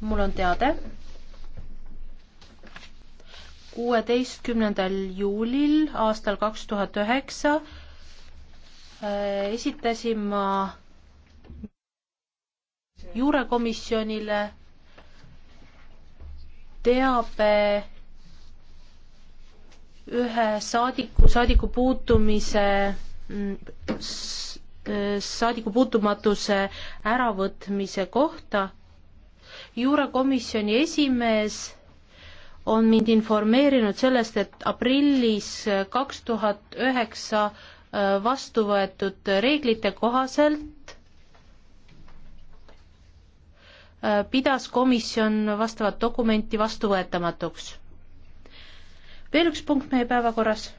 mul on teade. kuueteistkümnendal juulil aastal kaks tuhat üheksa äh, esitasin ma juurekomisjonile teabe ühe saadiku, saadiku puutumise, mm, äh, saadiku puutumatuse äravõtmise kohta juurakomisjoni esimees on mind informeerinud sellest, et aprillis kaks tuhat üheksa äh, vastu võetud reeglite kohaselt äh, pidas komisjon vastavat dokumenti vastuvõetamatuks. veel üks punkt meie päevakorras